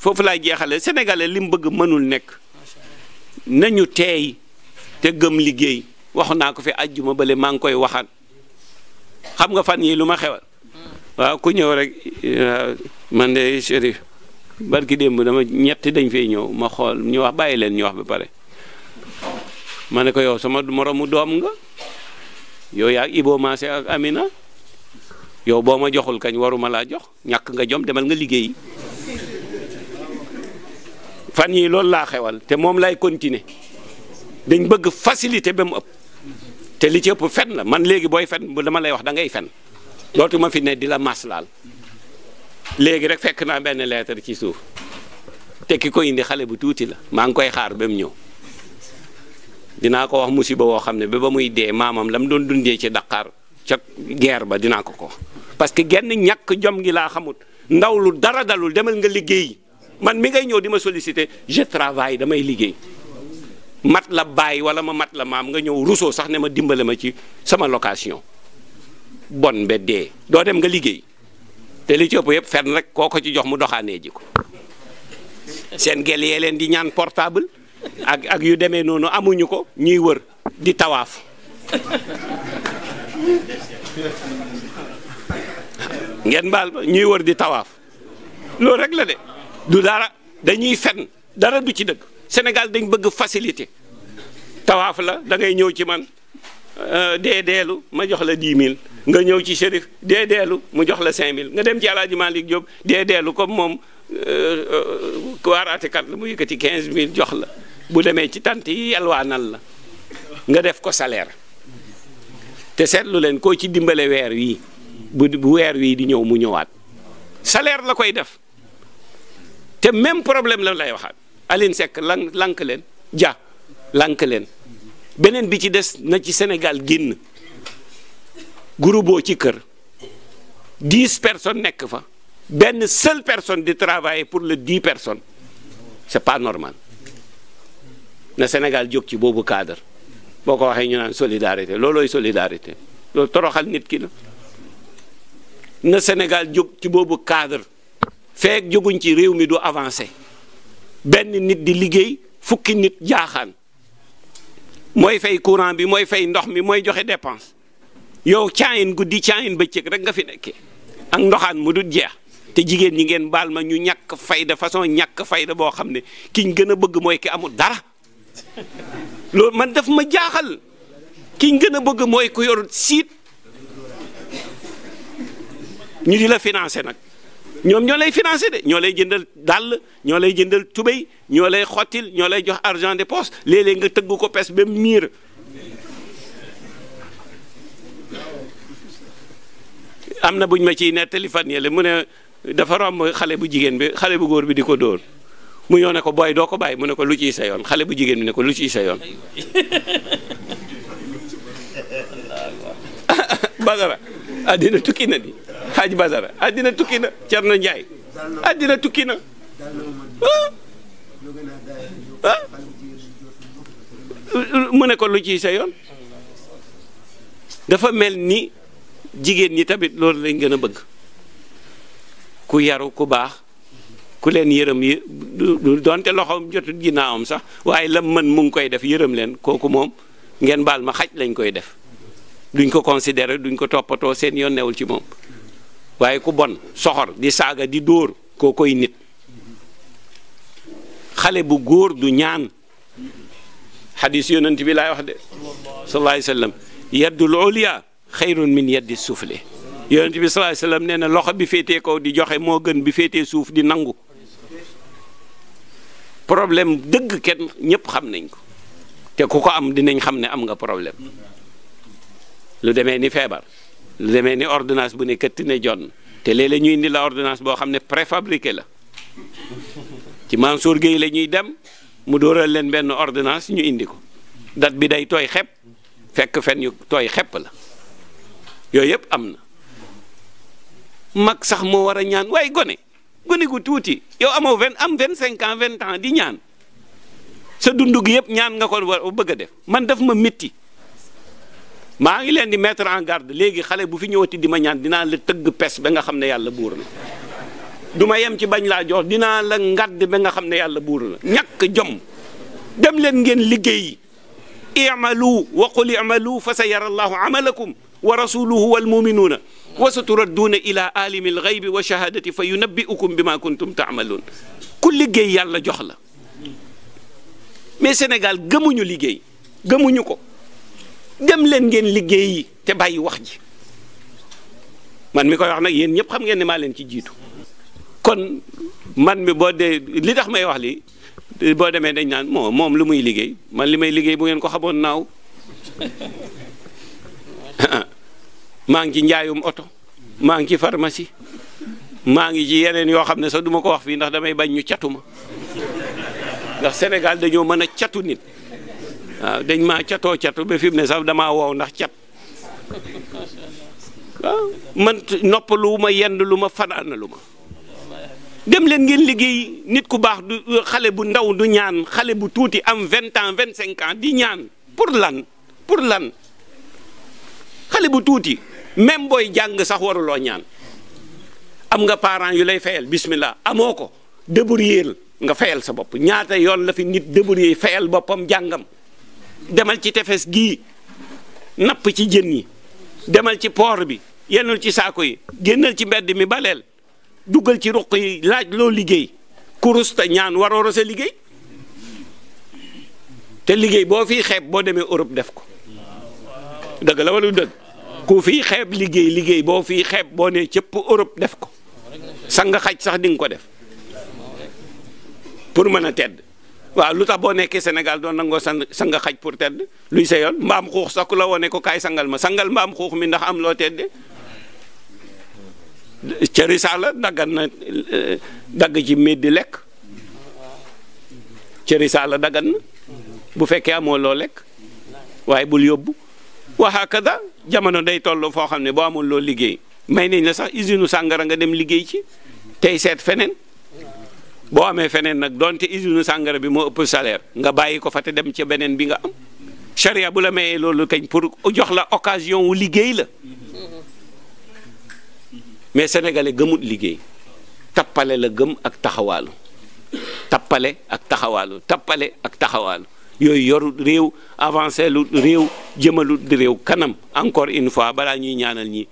foofu laay jeexale sénégalais li mu bëgg mënul nekk nañu teey te gëm liggéey wax naa ko fi àjjuma bale maa ngi koy waxaat xam nga fan yi lu ma xewal waaw ku ñëw rek man de Chérif barki démb dama ñetti dañ fee ñëw ma xool ñu wax bàyyi leen ñu wax ba pare ma ne ko yow sama moromu doom nga yow yaa Ibo Maase ak Amina yow boo ma joxul kañ waruma laa jox ñàkk nga jom demal nga liggéey fan yii loolu laa xewal te moom lay continuer dañ bëgg facilité ba mu ëpp te li ci ëpp fen la man léegi booy fen bu dama lay wax dangay ngay fen dootuma fi ne di la maslaal léegi rek fekk naa benn lettre ci suuf te ki ko indi xale bu tuuti la maa ngi koy xaar ba mu ñëw dinaa ko wax musiba woo xam ne ba ba muy dee maamam la mu doon dundee ci Dakar ca guerre ba dinaa ko ko parce que genn ñàkk jom gi laa xamut ndaw lu dara dalul demal nga liggéey. man mi ngay ñëw di ma solicité je travaille damay liggéey mat la bàyyi wala ma mat la maam nga ñëw ruusoo sax ne ma dimbale ma ci sama location bon ba doo dem nga liggéey te li ci ëpp yëpp fenn rek koo ko ci jox mu doxaanee ji ko seen gel yee leen di ñaan portable ak ak yu demee noonu amuñu ko ñuy wër di tawaaf ngeen baal ba ñuy wër di tawaaf loolu rek la de. du dara dañuy fen dara du ci dëkk Sénégal dañ bëgg facilité tawaaf la da ngay ñëw ci man euh, dee deelu ma jox la 10 mille nga ñëw ci shérif dee deelu mu jox la 5 mille nga dem ci alaaji Malick Diop dee deelu comme moom euh, euh, waaraatekat la mu yëkkati 15 000 jox la bu demee ci tant yi yalwaanal la nga def ko salaire te seetlu leen ko ci dimbale weer wii bu bu weer wii di ñëw mu ñëwaat salaire la koy def te même problème la lay waxaat Aline sekk lan lank leen ja lank leen beneen bi ci des na ci Sénégal génn groupe ci kër dix personne nekk fa benn seule personne di travailler pour le dix personne c'est pas normal na Sénégal jóg ci boobu cadre boo ko waxee ñu naan solidarité loolooy solidarité loolu toroxal nit ki la na Sénégal jóg ci boobu cadre feek jóguñ ci réew mi du avancé benn nit di liggéey fukki nit jaaxaan mooy fay courant bi mooy fay ndox mi mooy joxe dépense yow caayin guddi caayin bëccëg rek nga fi nekkee ak ndoxaan mu du jeex te jigéen ñi ngeen baal ma ñu ñàkk fayda façon ñàkk fayda boo xam ne kiñ gën a bëgg mooy ki amul dara loolu man daf ma jaaxal kiñ gën a bëgg mooy ku yorut siit ñu di la financé nag ñoom ñoo lay financé de ñoo lay jëndal dàll ñoo lay jëndal tubéy ñoo lay xottil ñoo lay jox argent de poche léeg-léeg nga tëgg ko pes ba miir am na buñ ma ciy nettali fan la mu ne dafa romb xale bu jigéen bi xale bu góor bi di ko dóor mu ñëw ne ko booy doo ko bàyyi mu ne ko lu ciy sa yoon xale bu jigéen bi ne ko lu ciy sa yoon badara àddina tukki na di aj Badara àddina tukki na Thierno Ndiaye àddina tukki na mu ne ko lu ci sa yoon dafa mel ni jigéen ñi tamit loolu lañ gën a bëgg ku yaru ku baax ku leen yërëm yi donte doonte loxoom jotut ginnaawam sax waaye lam mën mu ngi koy def yërëm leen kooku moom ngeen baal ma xaj lañ koy def duñ ko considérer duñ ko toppatoo seen yoon newul ci moom waaye ku bon soxor di saaga di dóor koo koy nit xale bu góor du ñaan xadis yonent bi laay wax de sallallahu alayhi wasallam yaddul ulya xayrun min yaddi sufle yonent bi sallallahu wasallam nee na loxo bi féetee ko di joxe moo gën bi féetee suuf di nangu problème dëgg kenn ñépp xam nañ ko te ku ko am dinañ xam ne am nga problème lu deme ni feebar lu demee ni ordonnance bu ne këtti ne jonn te léeg-léeg ñu indi la ordonnance boo xam ne préfabriqué la ci Mansour Gueye la ñuy dem mu dóoral leen benn ordinance ñu indi ko dat bi day tooy xepp fekk fen yu tooy xepp la yooyu yëpp am na mag sax moo war a ñaan waaye gone gone gu tuuti yow amoo vingt am vingt cinq ans vingt ans di ñaan sa dundu gi yëpp ñaan nga ko war bëgg a def man daf ma métti maa ngi leen di mettre en garde léegi xale bu fi ñëwati di ma ñaan dinaa la tëgg pes ba nga xam ne yàlla buur na du ma yem ci bañ laa jox dinaa la ngadd ba nga xam ne yàlla buur na ñàkk jom dem leen ngeen liggéey i'malu wa qul i'malu fa sa yara allahu amalakum wa rasuluhu wal muminuuna wa sa turadduuna ila alimi alxaybi wa shahadati fa yunabbi'ukum bima kuntum taamaluun ku liggéey yàlla jox la mais Sénégal gëmuñu liggéey gëmuñu ko dem leen ngeen liggéeyi te bàyyi wax ji man mi koy wax nag yéen ñëpp xam ngeen ne maa leen ci jiitu kon man mi boo de li tax may wax li boo demee dañ naan moo moom lu muy liggéey man li may liggéey bu ngeen ko xamoon naaw maa ngi ci njaayum oto maa ngi ci pharmacie maa ngi ci yeneen yoo xam ne sax duma ko wax fii ndax damay bañ ñu catuma ndax Sénégal dañoo mën a catu nit dañ maa catoo catu ba fi mu ne sax damaa wow ndax cat man nopp ma yend lu ma fanaana lu ma dem leen ngeen liggéey nit ku baax du xale bu ndaw du ñaan xale bu tuuti am vingt ans vingt cinq di ñaan pour lan pour lan xale bu tuuti même booy jàng sax waruloo ñaan am nga parent yu lay fayal bismillah amoo ko débrouiller nga fayal sa bopp ñaata yoon la fi nit débrouiller fayal boppam jàngam demal ci tefes gii napp ci jën yi demal ci port bi yennul ci saako yi génnal ci mbedd mi baleel duggal ci ruq yi laaj loo liggéey kurusta ñaan warooro sa liggéey te liggéey boo fi xeeb boo demee Europe def ko dëgg la dëgg ku fi xeeb liggéey liggéey boo fii xeeb boo nee cëpp Europe def ko sa nga xaj sax dinga ko def pour mën a tedd waaw lu tax boo nekkee Sénégal doon nangoo sang sanga xaj pour tedd luy sa yoon mbaam xuux sax ku la wone ko kaay sangal ma sangal mbaam xuux mi ndax am loo tedde ca risaala daggan na eh, dagg ci médd lekk ca risaala daggan na bu fekkee amoo loo lekk waaye bul yóbbu waxaa kada jamono day toll foo xam ne boo amul loo liggéey may nañ la sax usine sàngara nga dem liggéey ci tey seet feneen boo amee feneen nag donte usine sàngara bi moo ëpp salaire nga bàyyi ko fa te dem ca beneen bi nga am charia bu la mayee loolu kañ pour jox la occasion wu liggéey la mais sénégalais gëmut liggéey tappale la gëm ak taxawaalu tappale ak taxawaalu tappale ak taxawaalu yooyu yorut réew avancé lu réew jëmalut réew kanam encore une fois balaa ñuy ñaanal ñi